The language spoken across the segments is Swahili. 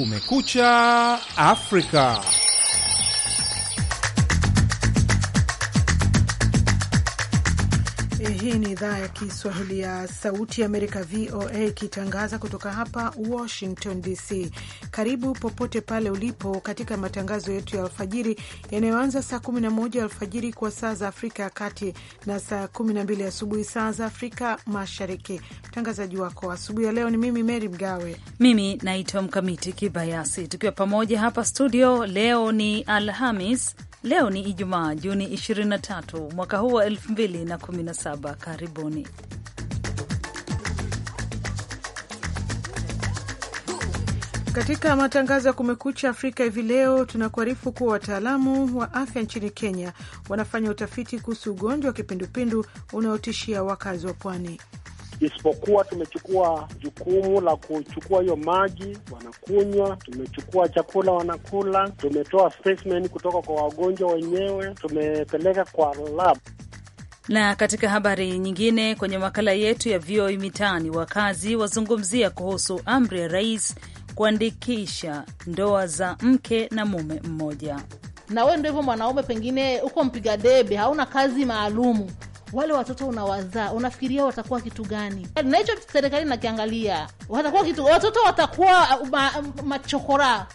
Kumekucha Afrika. Hii ni idhaa ya Kiswahili ya Sauti ya Amerika, VOA, ikitangaza kutoka hapa Washington DC. Karibu popote pale ulipo katika matangazo yetu ya alfajiri yanayoanza saa 11 alfajiri kwa saa za Afrika ya Kati na saa 12 asubuhi saa za Afrika Mashariki. Mtangazaji wako asubuhi ya leo ni mimi mery Mgawe, mimi naitwa Mkamiti Kibayasi, tukiwa pamoja hapa studio. Leo ni Alhamis Leo ni Ijumaa, Juni 23 mwaka huu wa 2017. Karibuni. Katika matangazo ya Kumekucha Afrika hivi leo tunakuarifu kuwa wataalamu wa afya nchini Kenya wanafanya utafiti kuhusu ugonjwa wa kipindupindu unaotishia wakazi wa pwani isipokuwa tumechukua jukumu la kuchukua hiyo maji wanakunywa, tumechukua chakula wanakula, tumetoa specimen kutoka kwa wagonjwa wenyewe, tumepeleka kwa lab. Na katika habari nyingine, kwenye makala yetu ya VOA Mitaani, wakazi wazungumzia kuhusu amri ya rais kuandikisha ndoa za mke na mume mmoja. Na wewe ndio hivyo mwanaume, pengine uko mpiga debe, hauna kazi maalumu wale watoto unawazaa, unafikiria watakuwa kitu gani? Na hicho serikali nakiangalia, watakuwa kitu, watoto watakuwa uh, ma, machokora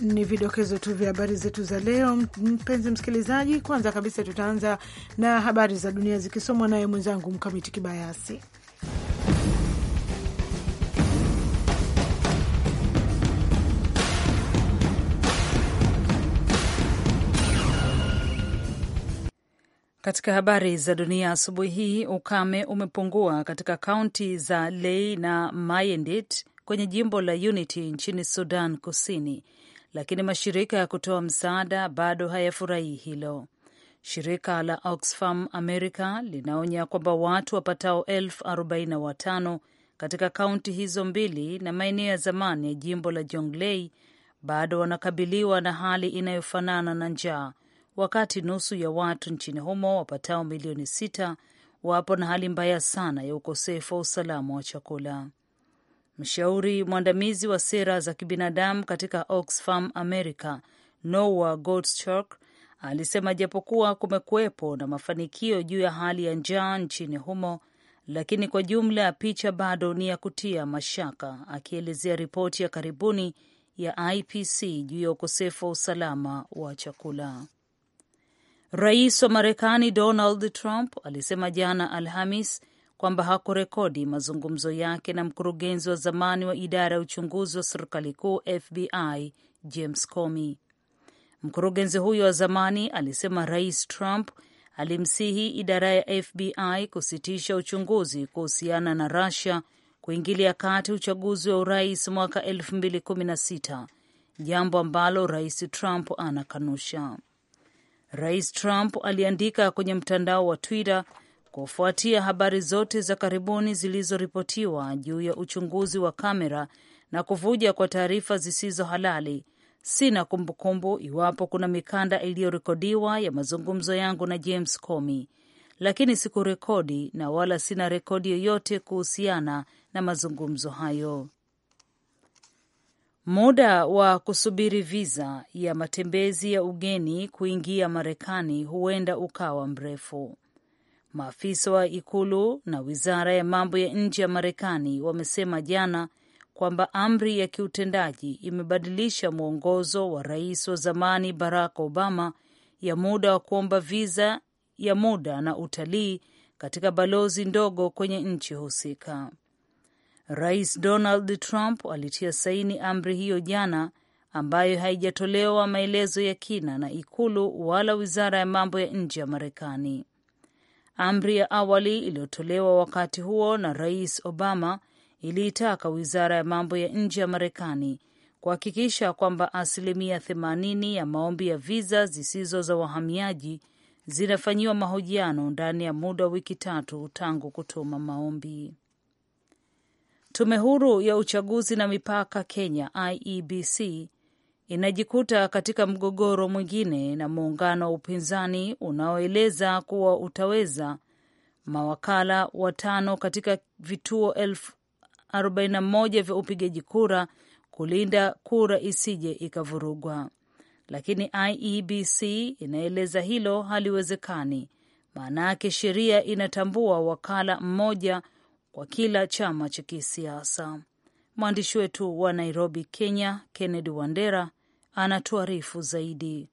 ni vidokezo tu vya habari zetu za leo, mpenzi msikilizaji. Kwanza kabisa, tutaanza na habari za dunia zikisomwa naye mwenzangu Mkamiti Kibayasi. Katika habari za dunia asubuhi hii, ukame umepungua katika kaunti za Lei na Mayendit kwenye jimbo la Unity nchini Sudan Kusini, lakini mashirika ya kutoa msaada bado hayafurahii hilo. Shirika la Oxfam America linaonya kwamba watu wapatao elfu arobaini na watano katika kaunti hizo mbili na maeneo ya zamani ya jimbo la Jonglei bado wanakabiliwa na hali inayofanana na njaa wakati nusu ya watu nchini humo wapatao milioni sita wapo na hali mbaya sana ya ukosefu wa usalama wa chakula. Mshauri mwandamizi wa sera za kibinadamu katika Oxfam America, Noah Gottschalk, alisema japokuwa kumekuwepo na mafanikio juu ya hali ya njaa nchini humo, lakini kwa jumla ya picha bado ni ya kutia mashaka, akielezea ripoti ya karibuni ya IPC juu ya ukosefu wa usalama wa chakula. Rais wa Marekani Donald Trump alisema jana Alhamis kwamba hakurekodi mazungumzo yake na mkurugenzi wa zamani wa idara ya uchunguzi wa serikali kuu FBI James Comey. Mkurugenzi huyo wa zamani alisema Rais Trump alimsihi idara ya FBI kusitisha uchunguzi kuhusiana na Russia kuingilia kati uchaguzi wa urais mwaka 2016, jambo ambalo Rais Trump anakanusha. Rais Trump aliandika kwenye mtandao wa Twitter kufuatia habari zote za karibuni zilizoripotiwa juu ya uchunguzi wa kamera na kuvuja kwa taarifa zisizo halali. Sina kumbukumbu iwapo kuna mikanda iliyorekodiwa ya mazungumzo yangu na James Comey, lakini sikurekodi na wala sina rekodi yoyote kuhusiana na mazungumzo hayo. Muda wa kusubiri viza ya matembezi ya ugeni kuingia Marekani huenda ukawa mrefu. Maafisa wa ikulu na wizara ya mambo ya nje ya Marekani wamesema jana kwamba amri ya kiutendaji imebadilisha mwongozo wa rais wa zamani Barack Obama ya muda wa kuomba viza ya muda na utalii katika balozi ndogo kwenye nchi husika. Rais Donald Trump alitia saini amri hiyo jana, ambayo haijatolewa maelezo ya kina na ikulu wala wizara ya mambo ya nje ya Marekani. Amri ya awali iliyotolewa wakati huo na Rais Obama iliitaka wizara ya mambo ya nje ya Marekani kuhakikisha kwamba asilimia themanini ya maombi ya viza zisizo za wahamiaji zinafanyiwa mahojiano ndani ya muda wa wiki tatu tangu kutuma maombi. Tume huru ya uchaguzi na mipaka Kenya IEBC inajikuta katika mgogoro mwingine na muungano wa upinzani unaoeleza kuwa utaweza mawakala watano katika vituo 41 vya upigaji kura kulinda kura isije ikavurugwa, lakini IEBC inaeleza hilo haliwezekani. Maana yake sheria inatambua wakala mmoja kwa kila chama cha kisiasa. Mwandishi wetu wa Nairobi, Kenya, Kennedy Wandera anatuarifu zaidi.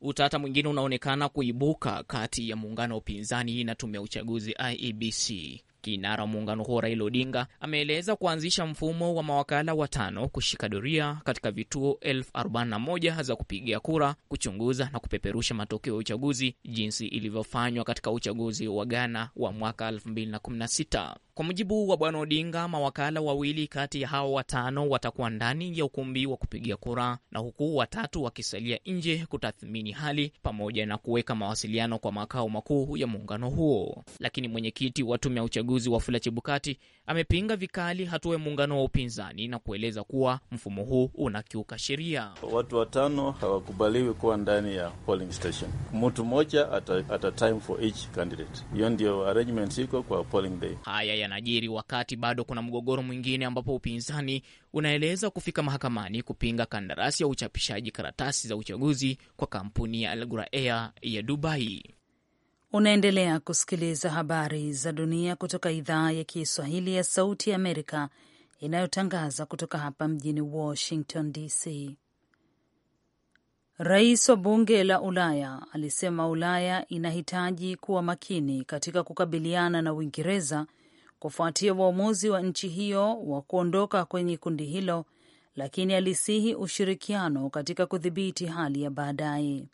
Utata mwingine unaonekana kuibuka kati ya muungano wa upinzani na tume ya uchaguzi IEBC. Kinara wa muungano huo Raila Odinga ameeleza kuanzisha mfumo wa mawakala watano kushika doria katika vituo 41 za kupigia kura kuchunguza na kupeperusha matokeo ya uchaguzi jinsi ilivyofanywa katika uchaguzi wa Ghana wa mwaka 2016. Kwa mujibu wa Bwana Odinga, mawakala wawili kati ya hao watano watakuwa ndani ya ukumbi wa kupigia kura na huku watatu wakisalia nje kutathmini hali pamoja na kuweka mawasiliano kwa makao makuu ya muungano huo. Lakini mwenyekiti wa tume ya uchaguzi uchaguzi Fula Chebukati amepinga vikali hatua ya muungano wa upinzani na kueleza kuwa mfumo huu unakiuka sheria. Watu watano hawakubaliwi kuwa ndani ya polling station. Mtu mmoja at, at a time for each candidate. Hiyo ndio arrangement iko kwa polling day. Haya yanajiri wakati bado kuna mgogoro mwingine ambapo upinzani unaeleza kufika mahakamani kupinga kandarasi ya uchapishaji karatasi za uchaguzi kwa kampuni ya Al Ghurair ya Dubai. Unaendelea kusikiliza habari za dunia kutoka idhaa ya Kiswahili ya Sauti ya Amerika inayotangaza kutoka hapa mjini Washington DC. Rais wa bunge la Ulaya alisema Ulaya inahitaji kuwa makini katika kukabiliana na Uingereza kufuatia uamuzi wa nchi hiyo wa kuondoka kwenye kundi hilo, lakini alisihi ushirikiano katika kudhibiti hali ya baadaye.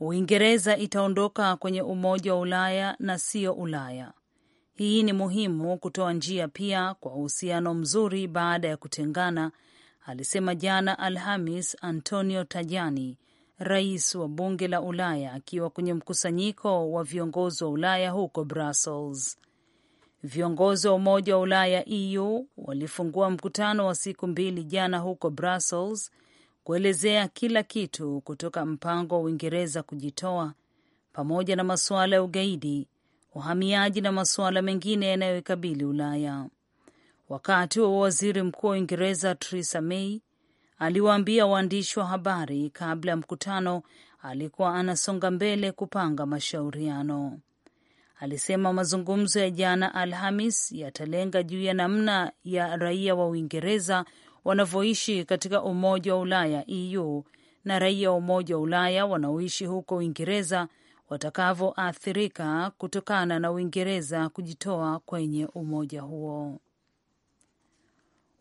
Uingereza itaondoka kwenye Umoja wa Ulaya na sio Ulaya. Hii ni muhimu kutoa njia pia kwa uhusiano mzuri baada ya kutengana, alisema jana Alhamis Antonio Tajani, rais wa bunge la Ulaya, akiwa kwenye mkusanyiko wa viongozi wa Ulaya huko Brussels. Viongozi wa Umoja wa Ulaya EU walifungua mkutano wa siku mbili jana huko Brussels kuelezea kila kitu kutoka mpango wa Uingereza kujitoa pamoja na masuala ya ugaidi, uhamiaji na masuala mengine yanayoikabili Ulaya. Wakati wa waziri mkuu wa Uingereza Theresa May aliwaambia waandishi wa habari kabla ya mkutano alikuwa anasonga mbele kupanga mashauriano. Alisema mazungumzo ya jana Alhamis yatalenga juu ya namna ya raia wa Uingereza wanavyoishi katika Umoja wa Ulaya EU na raia wa Umoja wa Ulaya wanaoishi huko Uingereza watakavyoathirika kutokana na Uingereza kujitoa kwenye umoja huo.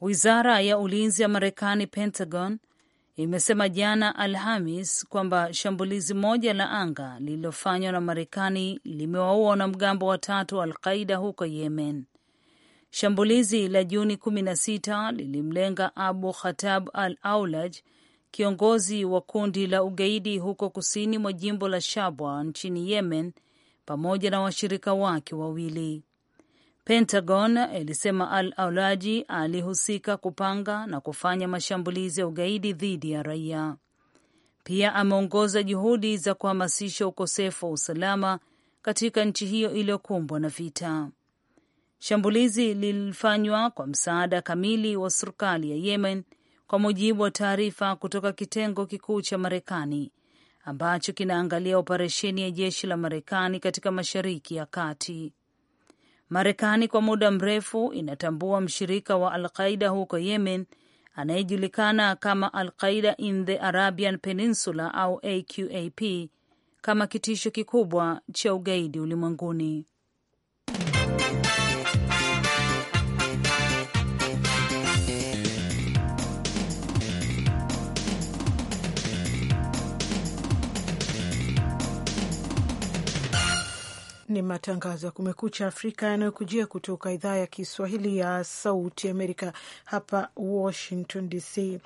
Wizara ya ulinzi ya Marekani, Pentagon, imesema jana Alhamis kwamba shambulizi moja la anga lililofanywa na Marekani limewaua wanamgambo watatu wa Alqaida huko Yemen. Shambulizi la Juni 16 lilimlenga Abu Khatab al Aulaj, kiongozi wa kundi la ugaidi huko kusini mwa jimbo la Shabwa nchini Yemen, pamoja na washirika wake wawili. Pentagon ilisema al Aulaji alihusika kupanga na kufanya mashambulizi ya ugaidi dhidi ya raia. Pia ameongoza juhudi za kuhamasisha ukosefu wa usalama katika nchi hiyo iliyokumbwa na vita. Shambulizi lilifanywa kwa msaada kamili wa serikali ya Yemen, kwa mujibu wa taarifa kutoka kitengo kikuu cha Marekani ambacho kinaangalia operesheni ya jeshi la Marekani katika Mashariki ya Kati. Marekani kwa muda mrefu inatambua mshirika wa Al Qaida huko Yemen anayejulikana kama Al Qaida in the Arabian Peninsula au AQAP kama kitisho kikubwa cha ugaidi ulimwenguni. ni matangazo ya Kumekucha Afrika yanayokujia kutoka idhaa ya Kiswahili ya Sauti Amerika hapa Washington DC.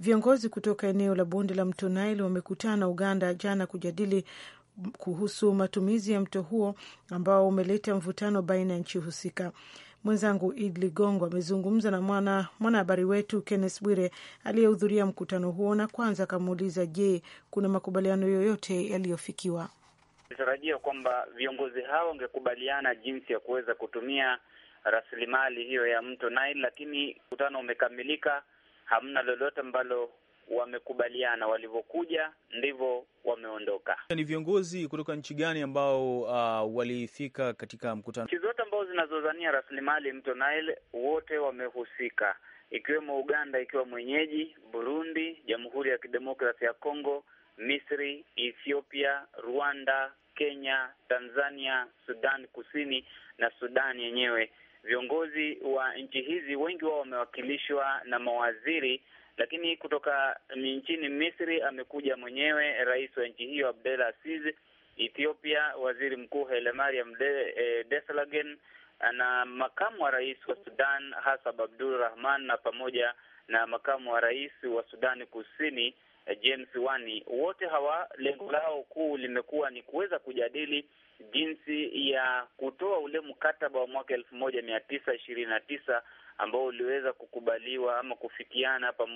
Viongozi kutoka eneo la bonde la mto Nile wamekutana Uganda jana kujadili kuhusu matumizi ya mto huo ambao umeleta mvutano baina ya nchi husika. Mwenzangu Id Ligongo amezungumza na mwana mwanahabari wetu Kennes Bwire aliyehudhuria mkutano huo, na kwanza akamuuliza, je, kuna makubaliano yoyote yaliyofikiwa? tulitarajia kwamba viongozi hao wangekubaliana jinsi ya kuweza kutumia rasilimali hiyo ya mto Nile, lakini mkutano umekamilika, hamna lolote ambalo wamekubaliana. Walivyokuja ndivyo wameondoka. Ni viongozi kutoka nchi gani ambao uh, walifika katika mkutano? Nchi zote ambao zinazozania rasilimali mto Nile wote wamehusika, ikiwemo Uganda ikiwa mwenyeji, Burundi, Jamhuri ya Kidemokrasi ya Kongo, Misri, Ethiopia, Rwanda, Kenya, Tanzania, Sudan Kusini na Sudan yenyewe. Viongozi wa nchi hizi wengi wao wamewakilishwa na mawaziri, lakini kutoka nchini Misri amekuja mwenyewe rais wa nchi hiyo Abdel Aziz, Ethiopia waziri mkuu Haile Mariam Desalegn eh, na makamu wa rais wa Sudan Hassan Abdul Rahman na pamoja na makamu wa rais wa Sudani Kusini James eh, Wani, wote hawa lengo lao kuu limekuwa ni kuweza kujadili jinsi ya kutoa ule mkataba wa mwaka elfu moja mia tisa ishirini na tisa ambao uliweza kukubaliwa ama kufikiana hapa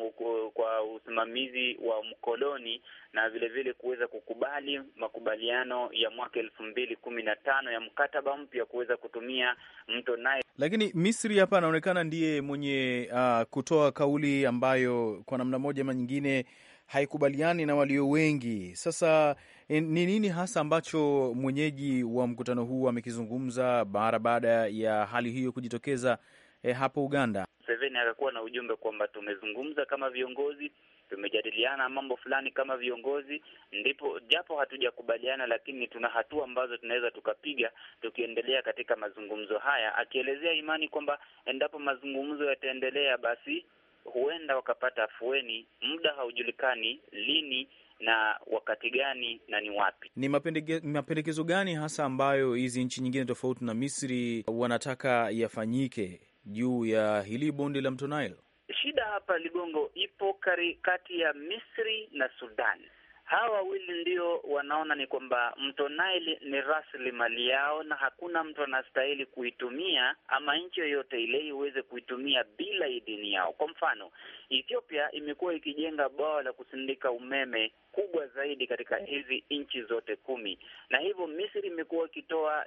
kwa usimamizi wa mkoloni na vilevile kuweza kukubali makubaliano ya mwaka elfu mbili kumi na tano ya mkataba mpya kuweza kutumia mto Nile. Lakini Misri hapa anaonekana ndiye mwenye uh, kutoa kauli ambayo kwa namna moja ama nyingine haikubaliani na walio wengi. Sasa e, ni nini hasa ambacho mwenyeji wa mkutano huu amekizungumza mara baada ya hali hiyo kujitokeza eh, hapo Uganda? Museveni akakuwa na ujumbe kwamba tumezungumza kama viongozi tumejadiliana mambo fulani kama viongozi, ndipo japo hatujakubaliana, lakini tuna hatua ambazo tunaweza tukapiga tukiendelea katika mazungumzo haya, akielezea imani kwamba endapo mazungumzo yataendelea, basi huenda wakapata afueni. Muda haujulikani lini na wakati gani na ni wapi. Ni mapendeke, mapendekezo gani hasa ambayo hizi nchi nyingine tofauti na Misri wanataka yafanyike juu ya hili bonde la mto Nile? Shida hapa Ligongo ipo kari, kati ya Misri na Sudan. Hawa wawili ndio wanaona ni kwamba mto Nile ni rasilimali yao na hakuna mtu anastahili kuitumia ama nchi yoyote ile iweze kuitumia bila idhini yao. Kwa mfano, Ethiopia imekuwa ikijenga bwawa la kusindika umeme kubwa zaidi katika hizi nchi zote kumi, na hivyo Misri imekuwa ikitoa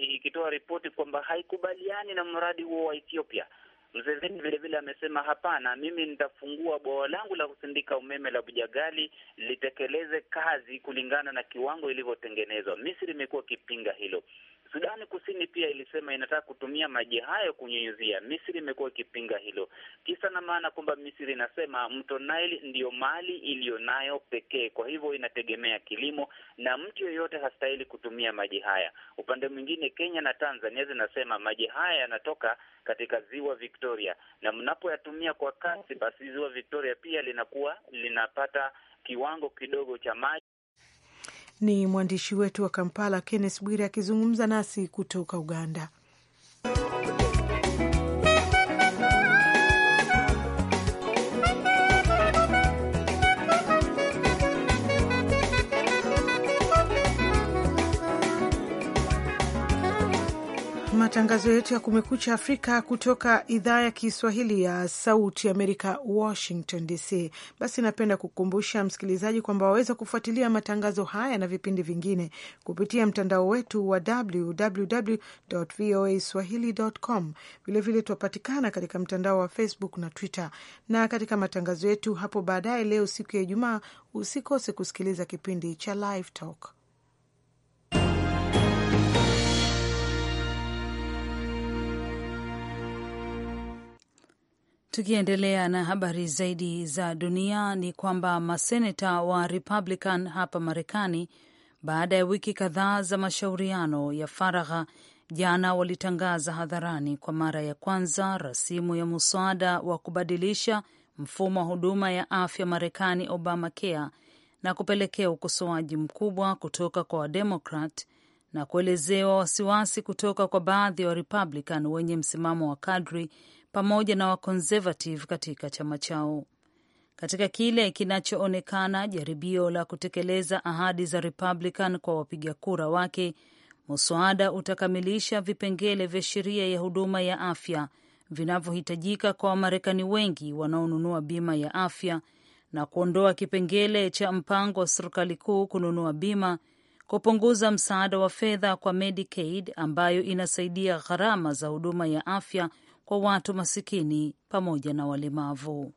ikitoa ripoti kwamba haikubaliani na mradi huo wa Ethiopia. Mseveni vilevile amesema hapana, mimi nitafungua bwawa langu la kusindika umeme la Bujagali litekeleze kazi kulingana na kiwango ilivyotengenezwa. Misri imekuwa ikipinga hilo. Sudani Kusini pia ilisema inataka kutumia maji hayo kunyunyuzia Misri imekuwa ikipinga hilo, kisa na maana kwamba Misri inasema mto Nile ndiyo mali iliyonayo pekee, kwa hivyo inategemea kilimo na mtu yeyote hastahili kutumia maji haya. Upande mwingine, Kenya na Tanzania zinasema maji haya yanatoka katika ziwa Victoria, na mnapoyatumia kwa kasi, basi ziwa Victoria pia linakuwa linapata kiwango kidogo cha maji ni mwandishi wetu wa Kampala, kennes Bwire, akizungumza nasi kutoka Uganda. matangazo yetu ya Kumekucha Afrika kutoka idhaa ya Kiswahili ya Sauti Amerika, Washington DC. Basi napenda kukumbusha msikilizaji kwamba waweza kufuatilia matangazo haya na vipindi vingine kupitia mtandao wetu wa www voa swahili.com. Vilevile twapatikana katika mtandao wa Facebook na Twitter, na katika matangazo yetu hapo baadaye leo, siku ya Ijumaa, usikose kusikiliza kipindi cha Live Talk. Tukiendelea na habari zaidi za dunia ni kwamba maseneta wa Republican hapa Marekani, baada ya wiki kadhaa za mashauriano ya faragha, jana walitangaza hadharani kwa mara ya kwanza rasimu ya muswada wa kubadilisha mfumo wa huduma ya afya Marekani, Obamacare, na kupelekea ukosoaji mkubwa kutoka kwa Wademokrat na kuelezewa wasiwasi kutoka kwa baadhi ya wa Warepublican wenye msimamo wa kadri pamoja na wakonservative katika chama chao katika kile kinachoonekana jaribio la kutekeleza ahadi za Republican kwa wapiga kura wake. Muswada utakamilisha vipengele vya sheria ya huduma ya afya vinavyohitajika kwa Wamarekani wengi wanaonunua bima ya afya na kuondoa kipengele cha mpango wa serikali kuu kununua bima, kupunguza msaada wa fedha kwa Medicaid ambayo inasaidia gharama za huduma ya afya kwa watu masikini pamoja na walemavu.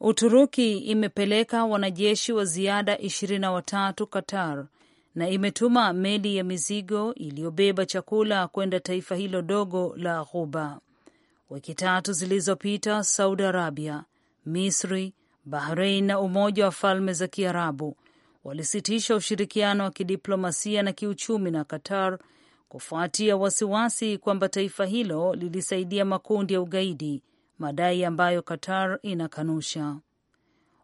Uturuki imepeleka wanajeshi wa ziada ishirini na watatu Qatar na imetuma meli ya mizigo iliyobeba chakula kwenda taifa hilo dogo la Ghuba. Wiki tatu zilizopita, Saudi Arabia, Misri, Bahrein na Umoja wa Falme za Kiarabu walisitisha ushirikiano wa kidiplomasia na kiuchumi na Qatar kufuatia wasiwasi kwamba taifa hilo lilisaidia makundi ya ugaidi, madai ambayo Qatar inakanusha.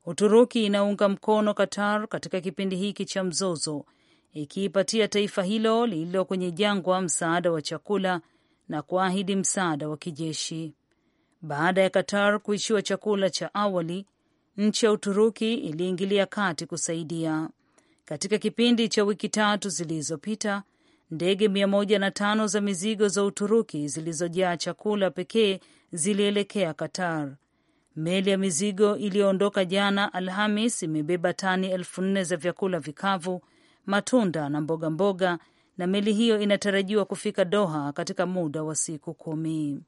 Uturuki inaunga mkono Qatar katika kipindi hiki cha mzozo, ikiipatia taifa hilo lililo kwenye jangwa msaada wa chakula na kuahidi msaada wa kijeshi. Baada ya Qatar kuishiwa chakula cha awali, nchi ya Uturuki iliingilia kati kusaidia. Katika kipindi cha wiki tatu zilizopita, Ndege mia tano za mizigo za Uturuki zilizojaa chakula pekee zilielekea Qatar. Meli ya mizigo iliyoondoka jana Alhamis imebeba tani elfu nne za vyakula vikavu, matunda na mboga mboga, na meli hiyo inatarajiwa kufika Doha katika muda wa siku kumi.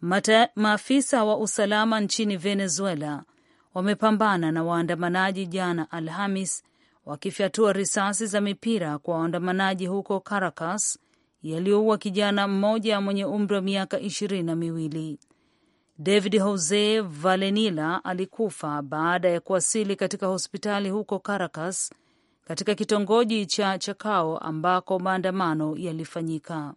Mata, maafisa wa usalama nchini Venezuela wamepambana na waandamanaji jana Alhamis wakifyatua risasi za mipira kwa waandamanaji huko Caracas yaliyoua kijana mmoja mwenye umri wa miaka ishirini na miwili. David Jose Valenila alikufa baada ya kuwasili katika hospitali huko Caracas katika kitongoji cha Chacao ambako maandamano yalifanyika.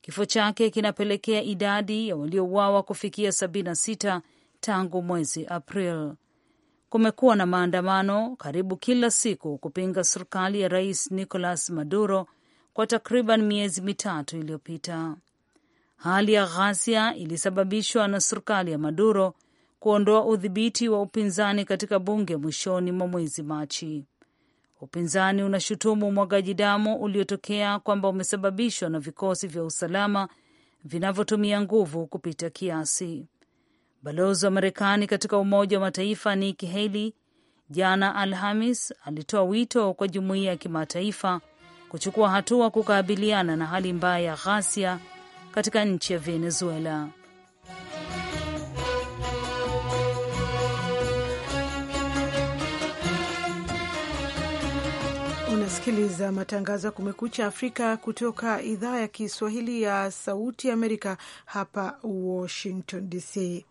Kifo chake kinapelekea idadi ya waliouawa kufikia 76 tangu mwezi April kumekuwa na maandamano karibu kila siku kupinga serikali ya Rais Nicolas Maduro kwa takriban miezi mitatu iliyopita. Hali ya ghasia ilisababishwa na serikali ya Maduro kuondoa udhibiti wa upinzani katika bunge mwishoni mwa mwezi Machi. Upinzani unashutumu umwagaji damu uliotokea kwamba umesababishwa na vikosi vya usalama vinavyotumia nguvu kupita kiasi. Balozi wa Marekani katika Umoja wa Mataifa Nikki Haley jana Alhamis alitoa wito kwa jumuiya ya kimataifa kuchukua hatua kukabiliana na hali mbaya ya ghasia katika nchi ya Venezuela. Unasikiliza matangazo ya Kumekucha Afrika kutoka idhaa ya Kiswahili ya Sauti Amerika hapa Washington DC.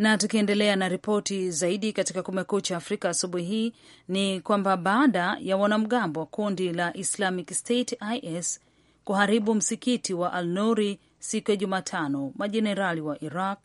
Na tukiendelea na ripoti zaidi katika Kumekucha Afrika asubuhi hii ni kwamba baada ya wanamgambo wa kundi la Islamic State IS kuharibu msikiti wa Al-Nuri siku ya Jumatano, majenerali wa Iraq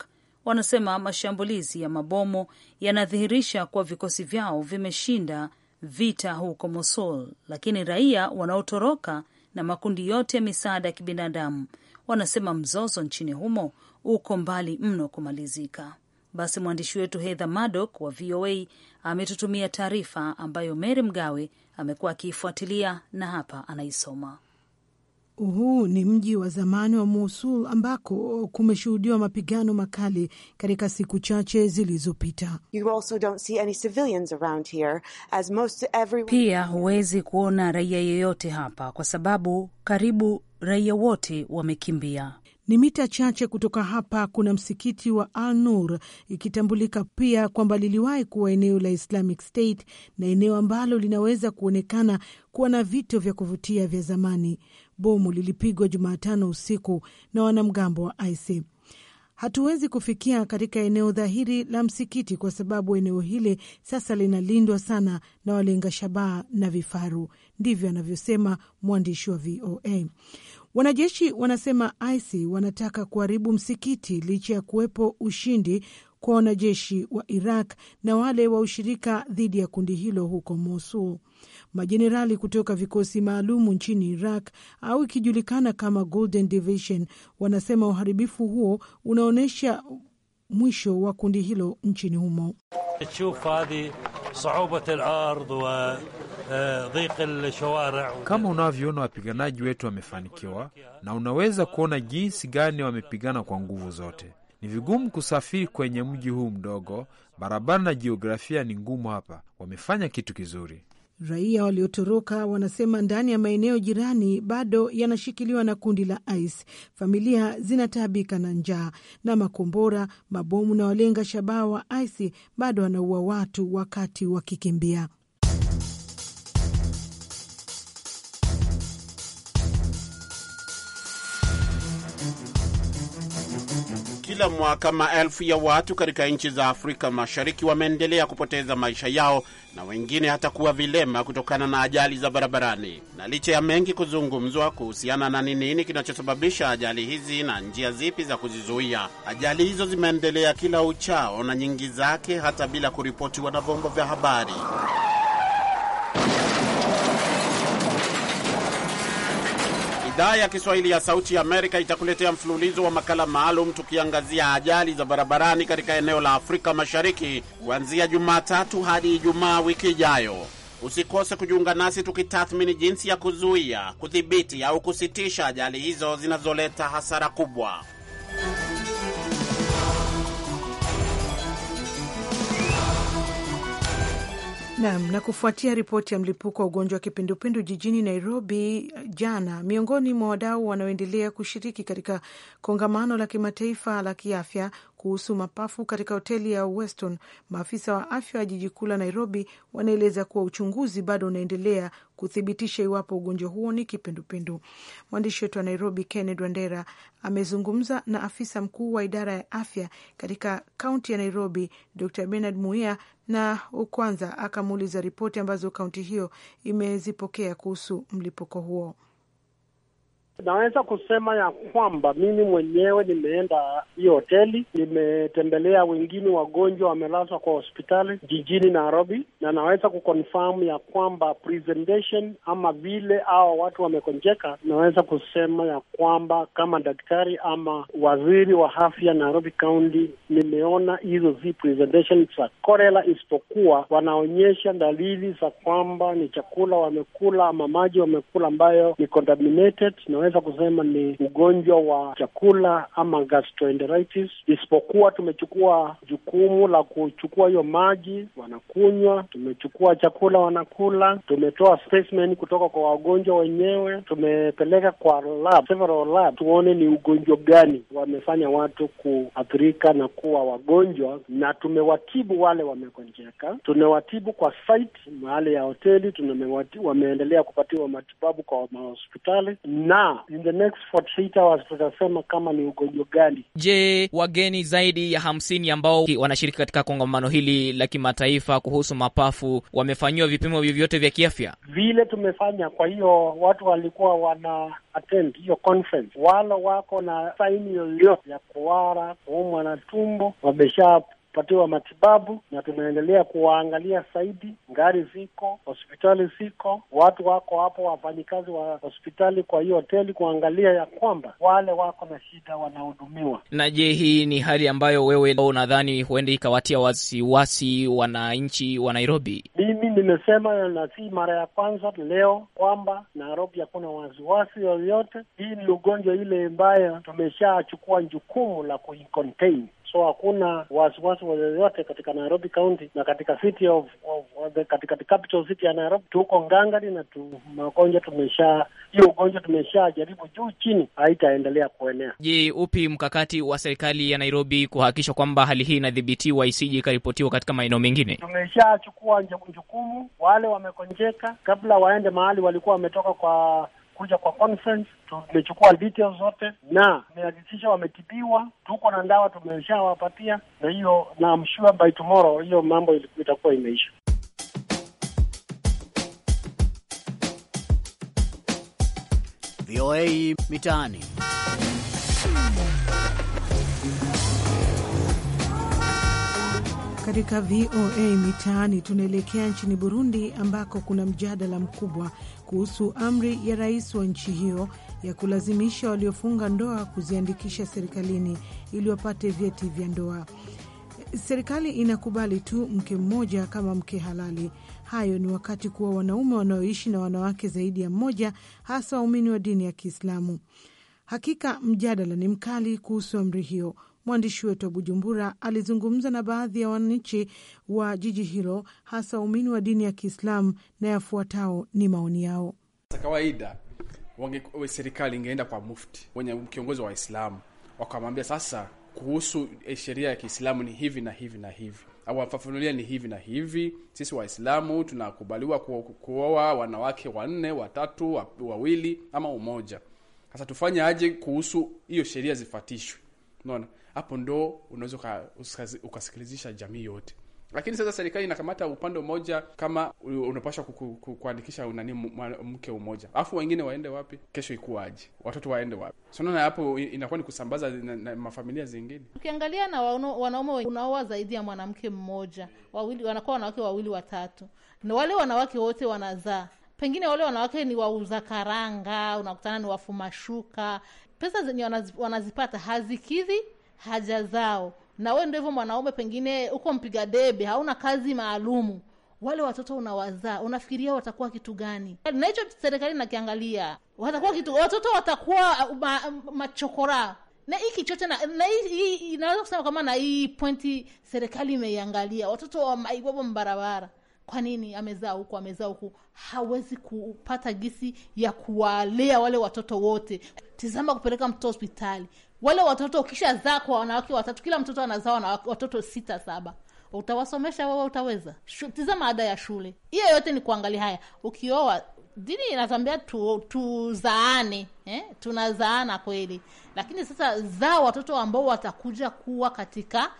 wanasema mashambulizi ya mabomu yanadhihirisha kuwa vikosi vyao vimeshinda vita huko Mosul, lakini raia wanaotoroka na makundi yote ya misaada ya kibinadamu wanasema mzozo nchini humo uko mbali mno kumalizika. Basi mwandishi wetu Heather Maddock wa VOA ametutumia taarifa ambayo Mary Mgawe amekuwa akiifuatilia na hapa anaisoma. Huu ni mji wa zamani wa Mosul ambako kumeshuhudiwa mapigano makali katika siku chache zilizopita. Pia huwezi kuona raia yeyote hapa kwa sababu karibu raia wote wamekimbia. Ni mita chache kutoka hapa kuna msikiti wa Al Nur, ikitambulika pia kwamba liliwahi kuwa eneo la Islamic State na eneo ambalo linaweza kuonekana kuwa na vito vya kuvutia vya zamani. Bomu lilipigwa Jumatano usiku na wanamgambo wa IC. Hatuwezi kufikia katika eneo dhahiri la msikiti kwa sababu eneo hili sasa linalindwa sana na walenga shabaha na vifaru, ndivyo anavyosema mwandishi wa VOA. Wanajeshi wanasema IC wanataka kuharibu msikiti licha ya kuwepo ushindi kwa wanajeshi wa Iraq na wale wa ushirika dhidi ya kundi hilo huko Mosul. Majenerali kutoka vikosi maalumu nchini Iraq au ikijulikana kama Golden Division wanasema uharibifu huo unaonyesha mwisho wa kundi hilo nchini humo. Eh, Kama unavyoona wapiganaji wetu wamefanikiwa, na unaweza kuona jinsi gani wamepigana kwa nguvu zote. Ni vigumu kusafiri kwenye mji huu mdogo, barabara na jiografia ni ngumu hapa. Wamefanya kitu kizuri. Raia waliotoroka wanasema ndani ya maeneo jirani bado yanashikiliwa na kundi la ICE. Familia zinataabika na njaa, na makombora, mabomu na walenga shabaha wa ICE bado wanaua watu wakati wakikimbia. kila mwaka maelfu ya watu katika nchi za Afrika Mashariki wameendelea kupoteza maisha yao na wengine hata kuwa vilema kutokana na ajali za barabarani. Na licha ya mengi kuzungumzwa kuhusiana na ni nini kinachosababisha ajali hizi na njia zipi za kuzizuia, ajali hizo zimeendelea kila uchao na nyingi zake hata bila kuripotiwa na vyombo vya habari. Idhaa ya Kiswahili ya Sauti ya Amerika itakuletea mfululizo wa makala maalum tukiangazia ajali za barabarani katika eneo la Afrika Mashariki kuanzia Jumatatu hadi Ijumaa wiki ijayo. Usikose kujiunga nasi tukitathmini jinsi ya kuzuia, kudhibiti au kusitisha ajali hizo zinazoleta hasara kubwa. Nam. Na kufuatia ripoti ya mlipuko wa ugonjwa wa kipindupindu jijini Nairobi uh, jana, miongoni mwa wadau wanaoendelea kushiriki katika kongamano la kimataifa la kiafya kuhusu mapafu katika hoteli ya Weston, maafisa wa afya wa jiji kuu la Nairobi wanaeleza kuwa uchunguzi bado unaendelea kuthibitisha iwapo ugonjwa huo ni kipindupindu. Mwandishi wetu wa Nairobi, Kenneth Wandera, amezungumza na afisa mkuu wa idara ya afya katika kaunti ya Nairobi, Dr Benard Muia, na kwanza akamuuliza ripoti ambazo kaunti hiyo imezipokea kuhusu mlipuko huo. Naweza kusema ya kwamba mimi mwenyewe nimeenda hiyo hoteli, nimetembelea wengine wagonjwa wamelazwa kwa hospitali jijini Nairobi, na naweza kuconfirm ya kwamba presentation ama vile hawa watu wamekonjeka, naweza kusema ya kwamba kama daktari ama waziri wa afya Nairobi County, nimeona hizo zi presentation za korela isipokuwa wanaonyesha dalili za kwamba ni chakula wamekula ama maji wamekula ambayo ni contaminated tunaweza kusema ni ugonjwa wa chakula ama gastroenteritis, isipokuwa tumechukua jukumu la kuchukua hiyo maji wanakunywa, tumechukua chakula wanakula, tumetoa specimen kutoka kwa wagonjwa wenyewe, tumepeleka kwa lab, several lab, tuone ni ugonjwa gani wamefanya watu kuathirika na kuwa wagonjwa, na tumewatibu wale wamegonjeka, tunawatibu kwa site mahali ya hoteli, wameendelea kupatiwa matibabu kwa mahospitali na In the next 48 hours tutasema kama ni ugonjwa gani. Je, wageni zaidi ya hamsini ambao wanashiriki katika kongamano hili la kimataifa kuhusu mapafu wamefanyiwa vipimo vyovyote vya kiafya? Vile tumefanya, kwa hiyo watu walikuwa wana attend hiyo conference, wala wako na saini yoyote ya kuwara, kuumwa na tumbo, wamesha kupatiwa matibabu, na tunaendelea kuwaangalia zaidi. Ngari ziko hospitali, ziko watu wako hapo, wafanyikazi wa hospitali kwa hiyo hoteli kuangalia ya kwamba wale wako na shida wanahudumiwa. Na je, hii ni hali ambayo wewe unadhani huenda ikawatia wasiwasi wananchi wa Nairobi? Mimi nimesema na si mara ya kwanza leo kwamba Nairobi hakuna wasiwasi yoyote. Hii ni ugonjwa ile ambayo tumeshachukua jukumu la kuicontain so hakuna wasiwasi wayoyote katika Nairobi County na katika city of, of, of the, katika the capital city ya Nairobi. Tuko ngangari na tu, magonjwa tumesha hiyo ugonjwa tumesha jaribu juu chini, haitaendelea kuenea. Je, upi mkakati wa serikali ya Nairobi kuhakikisha kwamba hali hii inadhibitiwa isije ikaripotiwa katika maeneo mengine? Tumeshachukua jukumu, wale wamekonjeka kabla waende mahali walikuwa wametoka kwa kuja kwa conference. Tumechukua details zote na tumehakikisha wametibiwa, tuko na dawa tumeshawapatia, na hiyo na I'm sure by tomorrow hiyo mambo itakuwa imeisha. VOA Mitaani. Katika VOA Mitaani tunaelekea nchini Burundi, ambako kuna mjadala mkubwa kuhusu amri ya rais wa nchi hiyo ya kulazimisha waliofunga ndoa kuziandikisha serikalini ili wapate vyeti vya ndoa. Serikali inakubali tu mke mmoja kama mke halali. Hayo ni wakati kuwa wanaume wanaoishi na wanawake zaidi ya mmoja, hasa waumini wa dini ya Kiislamu. Hakika mjadala ni mkali kuhusu amri hiyo, Mwandishi wetu wa Bujumbura alizungumza na baadhi ya wananchi wa jiji hilo, hasa waumini wa dini ya Kiislamu, na yafuatao ni maoni yao. Kawaida serikali ingeenda kwa mufti wenye kiongozi wa Waislamu wakamwambia sasa kuhusu eh, sheria ya Kiislamu ni hivi na hivi na hivi, au wafafanulia ni hivi na hivi. Sisi Waislamu tunakubaliwa kuoa wanawake wanne, watatu, wawili ama umoja. Sasa tufanye aje kuhusu hiyo sheria zifatishwe? Unaona, hapo ndo unaweza ukasikilizisha jamii yote. Lakini sasa serikali inakamata upande mmoja, kama unapashwa kuandikisha nani mke umoja, alafu wengine waende wapi? Kesho ikuwaje? Watoto waende wapi? Sinaona hapo inakuwa ni kusambaza na, na mafamilia zingine. Ukiangalia na wanaume unaoa zaidi ya mwanamke mmoja, wawili wanakuwa wanawake wawili watatu, na wale wanawake wote wanazaa pengine wale wanawake ni wauza karanga, unakutana ni wafumashuka. Pesa zenye wanazipata hazikidhi haja zao. Na wewe ndio hivyo mwanaume, pengine uko mpiga debe, hauna kazi maalumu wale watoto unawazaa, unafikiria watakuwa kitu gani? Na hicho serikali nakiangalia, watakuwa kitu, watoto watakuwa uh, ma, machokora na hiki chote na, na inaweza kusema kama na hii pointi serikali imeiangalia watoto wa maibobo mbarabara. Kwa nini amezaa huku amezaa huku, hawezi kupata gisi ya kuwalea wale watoto wote? Tizama kupeleka mtoto hospitali, wale watoto ukisha zaa kwa wanawake watatu, kila mtoto anazaa na watoto sita saba, utawasomesha wewe? Utaweza? Tizama ada ya shule, hiyo yote ni kuangalia haya. Ukioa, dini inatambia tu, tuzaane eh? Tunazaana kweli, lakini sasa zaa watoto ambao watakuja kuwa katika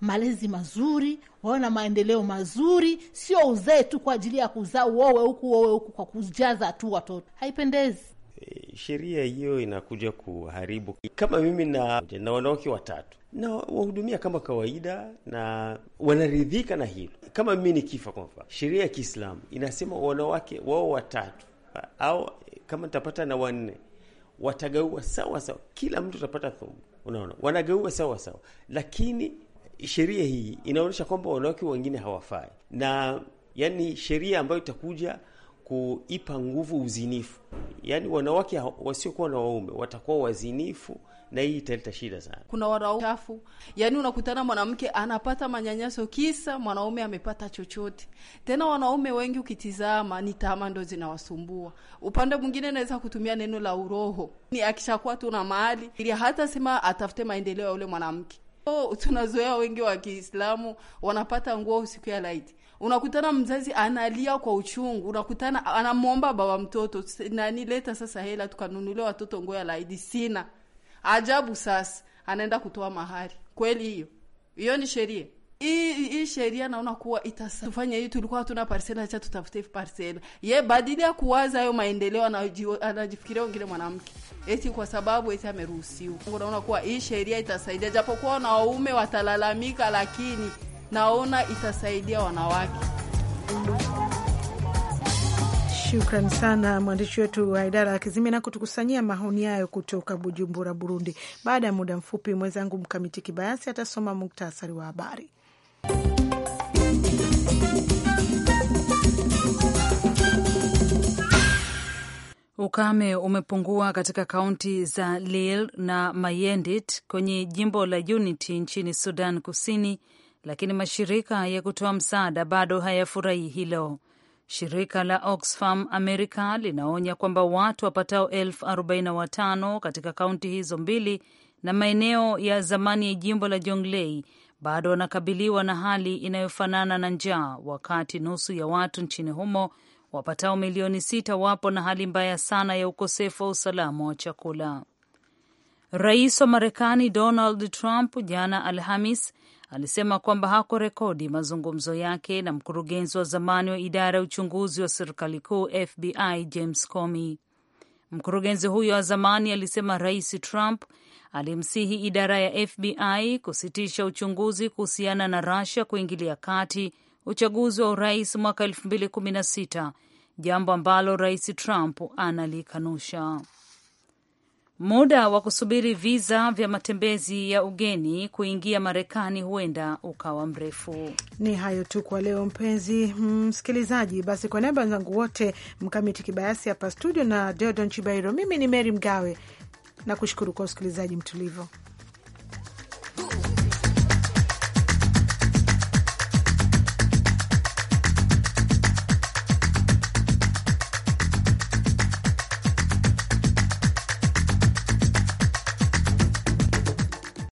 malezi mazuri, wawe na maendeleo mazuri, sio uzee tu kwa ajili ya kuzaa, uowe huku uowe huku, kwa kujaza tu watoto. Haipendezi sheria hiyo inakuja kuharibu. Kama mimi na, na wanawake watatu na wahudumia kama kawaida na wanaridhika na hilo. Kama mimi nikifa, kwa mfano, sheria ya Kiislamu inasema wanawake wao watatu au kama nitapata na wanne watagaua sawa sawa, kila mtu atapata thumu. Unaona, wanagaua sawa sawa, lakini sheria hii inaonyesha kwamba wanawake wengine hawafai, na yani sheria ambayo itakuja kuipa nguvu uzinifu, yaani wanawake wasiokuwa na waume watakuwa wazinifu na hii italeta shida sana. Kuna warachafu, yaani unakutana mwanamke anapata manyanyaso kisa mwanaume amepata chochote. Tena wanaume wengi ukitizama, ni tamaa ndo zinawasumbua. Upande mwingine naweza kutumia neno la uroho, ni akishakuwa tu na mali ili hata sema atafute maendeleo ya yule mwanamke. Oh, tunazoea wengi wa Kiislamu wanapata nguo usiku ya laiti Unakutana mzazi analia kwa uchungu, unakutana anamwomba baba mtoto, nani leta sasa hela tukanunulia watoto nguo ya laidi, sina ajabu. Sasa anaenda kutoa mahari. Kweli hiyo hiyo ni sheria hii sheria naona kuwa itatufanya hii, tulikuwa hatuna parsela, acha tutafute parsela. Ye badili ya kuwaza hayo maendeleo, anajifikiria wengine mwanamke eti kwa sababu eti ameruhusiwa. Naona kuwa hii sheria itasaidia, japokuwa wanaume watalalamika, lakini naona itasaidia wanawake. Shukran sana mwandishi wetu wa idara ya na kutukusanyia maoni yayo kutoka Bujumbura, Burundi. Baada ya muda mfupi, mwenzangu Mkamiti Kibayasi atasoma muktasari wa habari. Ukame umepungua katika kaunti za Lil na Mayendit kwenye jimbo la Unity nchini Sudan Kusini lakini mashirika ya kutoa msaada bado hayafurahi hilo. Shirika la Oxfam America linaonya kwamba watu wapatao 45 katika kaunti hizo mbili na maeneo ya zamani ya jimbo la Jonglei bado wanakabiliwa na hali inayofanana na njaa, wakati nusu ya watu nchini humo wapatao milioni sita wapo na hali mbaya sana ya ukosefu wa usalama wa chakula. Rais wa Marekani Donald Trump jana Alhamis alisema kwamba hako rekodi mazungumzo yake na mkurugenzi wa zamani wa idara ya uchunguzi wa serikali kuu FBI James Comey. Mkurugenzi huyo wa zamani alisema Rais Trump alimsihi idara ya FBI kusitisha uchunguzi kuhusiana na Russia kuingilia kati uchaguzi wa urais mwaka 2016, jambo ambalo Rais Trump analikanusha. Muda wa kusubiri viza vya matembezi ya ugeni kuingia Marekani huenda ukawa mrefu. Ni hayo tu kwa leo, mpenzi msikilizaji. Mm, basi kwa niaba ya wenzangu wote, Mkamiti Kibayasi hapa studio na Deodon Chibairo, mimi ni mery Mgawe na kushukuru kwa usikilizaji mtulivu.